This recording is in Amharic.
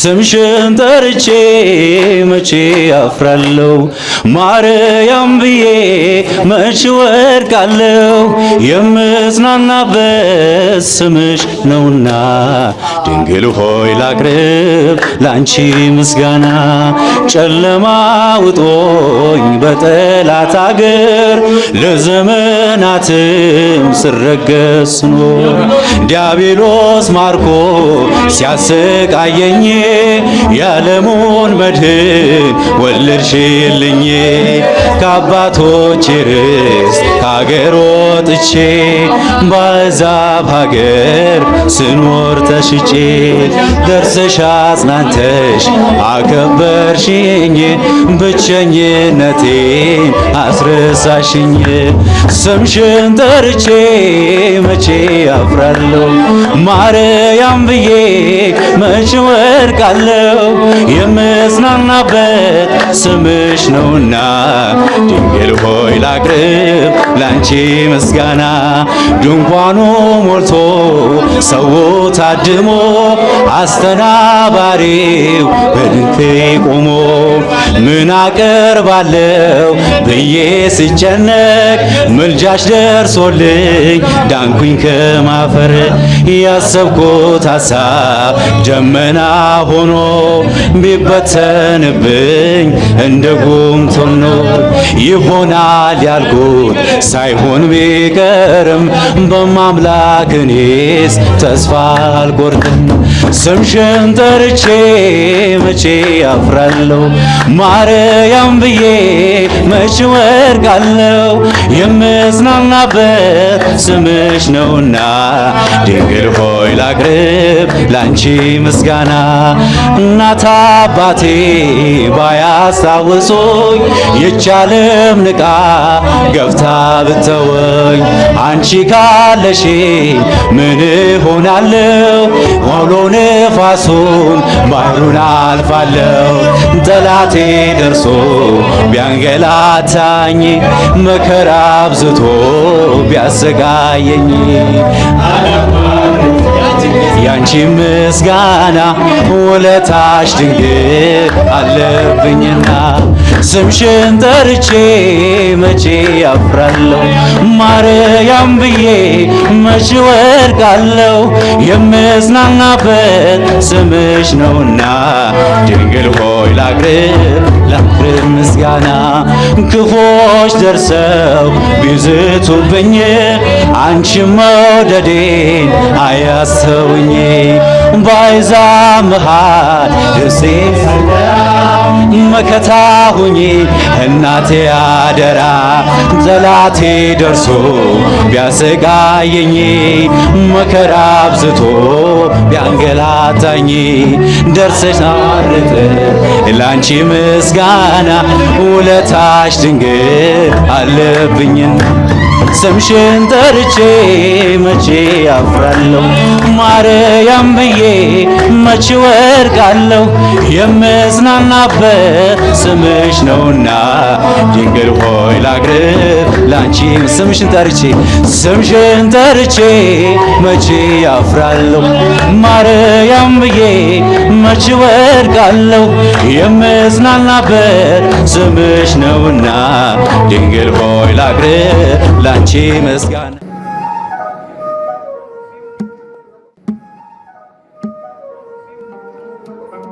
ስምሽን ጠርቼ መቼ አፍራለሁ? ማርያም ብዬ መቼ ወድቃለሁ? የምጽናናበት ስምሽ ነውና ድንግል ሆይ ላቅርብ ላንቺ ምስጋና። ጨለማ ውጦኝ በጠላት አገር ለዘመናትም ስረገስ ኖር ዲያብሎስ ማርኮ ሲያሰቃየኝ ያለሙን መድህን ወለድሽልኝ ከአባቶች ርስት ከአገር ወጥቼ ባሕዛብ ሀገር ስኖር ተሽጬ ደርሰሽ አጽናንተሽ አከበርሽኝ ብቸኝነቴን አስረሳሽኝ ስምሽን ጠርቼ መቼ አፍራለሁ ማርያም ብዬ መች ወር እዘልቃለሁ የምጽናናበት ስምሽ ነውና ድንግል ሆይ ላቅርብ ላንቺ ምስጋና ድንኳኑ ሞልቶ ሰው ታድሞ አስተናባሪው በድንቴ ቆሞ ምን አቀርባለው ብዬ ስጨነቅ ምልጃሽ ደርሶልኝ ዳንኩኝ ከማፈር ያሰብኩት ሀሳብ ደመና ሆኖ ቢበተንብኝ እንደ ጉም ቶኖ ይሆናል ያልኩት ሳይሆን ቢቀርም በማምላክኔስ ተስፋ አልቆርጥም። ስምሽን ጠርቼ መቼ አፍራለሁ? ማርያም ብዬ መቼ ወድቃለሁ? የምዝናናበት ስምሽ ነውና ድንግል ሆይ ላቅርብ ላንቺ ምስጋና። እናት አባቴ ባያስታውሱኝ የቻለም ንቃ ገብታ ብተወኝ አንቺ ካለሽ ምን ሆናለሁ ነፋሱን ባህሩን አልፋለሁ ጠላቴ ደርሶ ቢያንገላታኝ መከራ አብዝቶ ቢያሰቃየኝ ያንቺ ምስጋና ውለታሽ ድንግል አለብኝና ስምሽን ጠርቼ መቼ ያፍራለሁ ማርያም ብዬ መቼ ወድቃለሁ የምዝናናበት ስምሽ ነውና ድንግል ሆይ ላቅርብ ላቅርብ ምስጋና ክፎች ደርሰው ቢዝቱብኝ አንቺ መውደዴን አያሰውኝ ባይዛ መሃል ደሴ መከታ ሁኚ እናቴ አደራ ጠላቴ ደርሶ ቢያሰቃየኝ መከራ አብዝቶ ቢያንገላታኝ ደርሰሽ አርቅ ላንቺ ምስጋና ውለታሽ ድንግል አለብኝን ስምሽን ጠርቼ መቼ አፍራለሁ ማርያም ብዬ መቼ ወድቃለሁ የምጽናናበት ስምሽ ነውና ድንግል ሆይ ላግርብ ላንቺም ስምሽን ጠርቼ ስምሽን ጠርቼ መቼ አፍራለሁ ማርያም ብዬ መቼ ወድቃለሁ የምጽናናበት ስምሽ ነውና ድንግል ሆይ ላግርብ ላንቺ ምስጋና